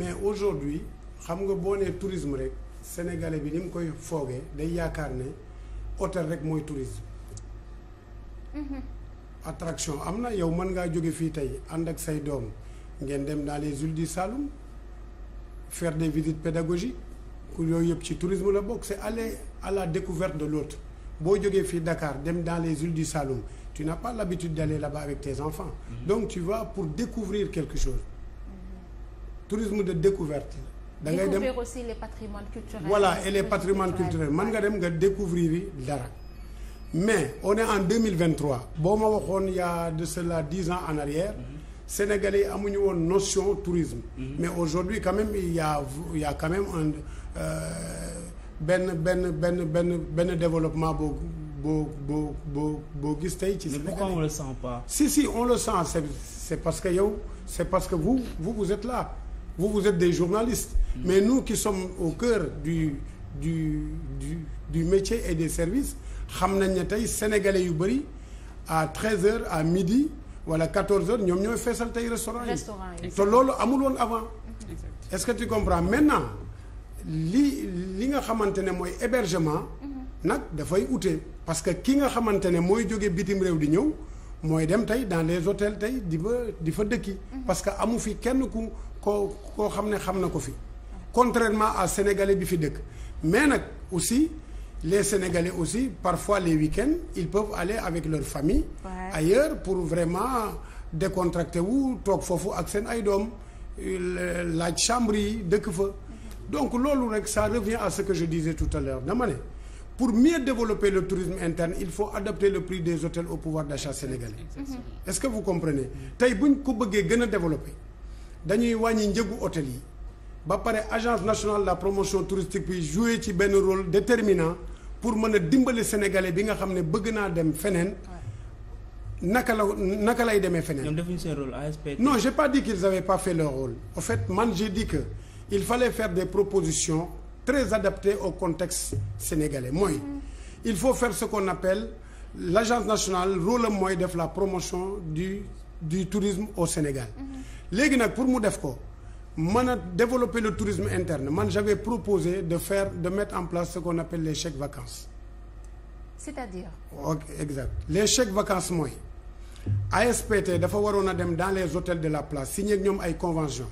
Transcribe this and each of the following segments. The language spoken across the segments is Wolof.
mais aujourd'hui xam nga boo ne tourisme rek sénégalais bi ni mu koy foogee day yaakaar ne hôtel rek mooy tourisme. Mhm. attraction am na yow man ngaa jóge fii tey ànd ak say doom ngeen dem dans les îles du Saloum faire des visites pédagogiques ku yooyu yëpp ci tourisme la bokk c'est aller à la de l'autre boo jógee fii Dakar dem dans les îles du Saloum tu n'as pas l'habitude d'aller là-bas avec tes enfants. Mhm. donc tu va pour découvrir quelque chose. tourisme de découverte da ngay dem découvrir aussi les patrimoines culturels. voilà et les patrimoines culturels man nga dem nga découvrir yi dara. mais on est en deux mille vingt boo ma waxoon y a de cela dix ans en arrière. Mm-hmm. Sénégalais yi amuñu woon notion tourisme. Mm-hmm. mais aujourd'hui quand même il a il y a quand même euh, benn benn benn benn benn développement boo boo boo boo boo gis tey ci. Sénégalais mais pourquoi on le si si on le sent c'est c'est parce que yow c'est parce que vous vous vous êtes là. vous, vous êtes des journalistes. Mm. Mais nu ki sommes au cœur du du du métier et des service xam nañ ne tey sénégalais yu bëri à 13h à midi wala 14h ñoom ñooy feesal tey restaurant yi. te loolu amul woon avant. Mm-hmm. est ce que tu comprends maintenant li li nga xamante ne mooy hébergement. Mm-hmm. nag dafay ute parce que ki nga xamante ne mooy jóge bitim réew di ñëw mooy dem tey dans les hôtels tey di fa di fa dëkki. Mm-hmm. parce que amu fi kenn ku. ko koo xam ne xam na ko fi contrairement à sénégalais bi fi dëkk mais nag aussi les sénégalais aussi parfois les week-ends ils peuvent aller avec leur famille ouais. pour vraiment décontracté wu toog foofu ak seen ay doom euh, laaj chambre yi dëkk fa donc loolu rek ça revient à ce que je disais tout à l'heure dama ne pour mieux développer le tourisme interne il faut adapter le prix des hôtels au pouvoir d'achat sénégalais est-ce que vous comprenez tey buñ ko bëggee gën a développer dañuy wàññi njëgu hôtel yi ba pare agence nationale de la promotion touristique bi joué ci benn rôle déterminant pour mën a dimbali sénégalais bi nga xam ne bëgg naa dem feneen. naka la naka lay demee feneen. ñoom defuñu seen rôle ASP. non j'ai pas dit qu'ils avaient leur rôle en fait man j'ai di que il fallait faire des propositions très adaptées au contexte sénégalais mooy il faut faire ce qu'on appelle l'agence nationale rôle am mooy def la promotion du du tourisme au Sénégal. Mm-hmm. léegi nag pour mu def ko mën a développer le tourisme interne man j'avais proposé de faire de mettre en place ce qu'on appelle les chèques vacances c'est-à-dire ok exact les chèques vacances mooy ASPT dafa waroon a dem dans les hôtels de la place signé ak ñoom ay convention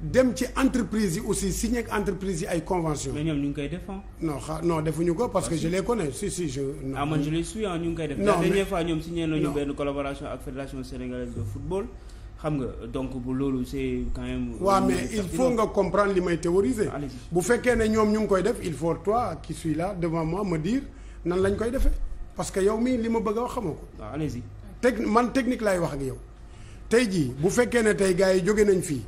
dem ci entreprise yi aussi signé ak entreprise yi ay convention mais ñoom ñu def non xa defuñu ko parce ah, que je les connais si si je. non ah man ñu ngi koy def. non mais la dernière fois ñoom signé nañu benn collaboration ak fédération sénégalaise de football. xam nga donc bu loolu c'est quand même. Euh, mais il faut nga comprendre li may théoriser. bu fekkee ne ñoom ñu ngi koy def il faut toi qui suis là devant moi me dire nan lañ koy defee parce que yow mii li ma bëgg a wax ko. waaw ah, allez man technique laay wax ak yow tey jii bu fekkee ne tey gars yi jóge nañ fii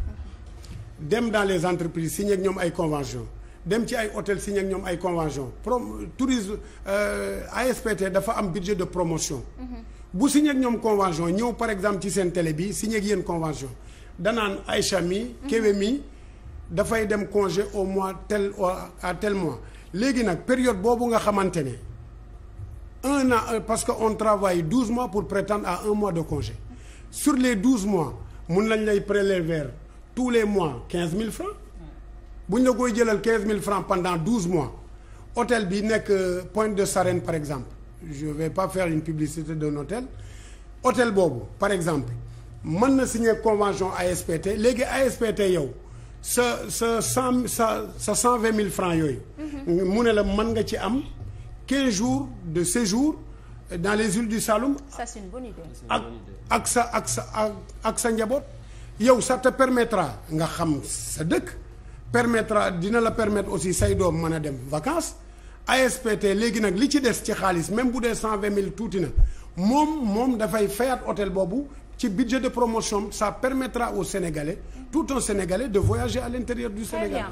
dem dans les entreprises si ak ñoom ay convention dem ci ay hôtel signé ak ñoom ay convention pro tourisme euh, ASPT dafa am budget de promotion. Mm bu signé ak ñoom convention ñëw par exemple ci seen télé bi signé ak yéen convention danaan Aïcha mi Kéwé mi dafay dem congé au mois tel à tel mois léegi nag période boobu nga xamante ne un an euh, parce que on travaille douze mois pour prétendre à un mois de congé sur les douze mois mun nañ lay prélever tous les mois quinze mille francs bu ñu la koy jëlal quinze mille francs pendant douze mois hôtel bi nekk euh, Pointe de Sarène par exemple je vais pas faire une publicité d'un hôtel hôtel boobu par exemple mën na si signer convention ASPT léegi ASPT yow sa sa cent sa sa cent vingt mille francs yooyu mhm. mu ne la mën nga ci am quinze jours de séjour dans les îles di Saloum ça ak ak sa ak sa ak sa njaboot yow sa te permettra nga xam sa dëkk permettra dina la permettre aussi say doom mën a dem vacances ASPT léegi nag li ci des ci xaalis même bu dee cent vingt mille tuuti nag moom moom dafay fayaat hôtel boobu ci budget de promotion ça permettra au Sénégalais tout un Sénégalais de voyager à l'intérieur du Sénégal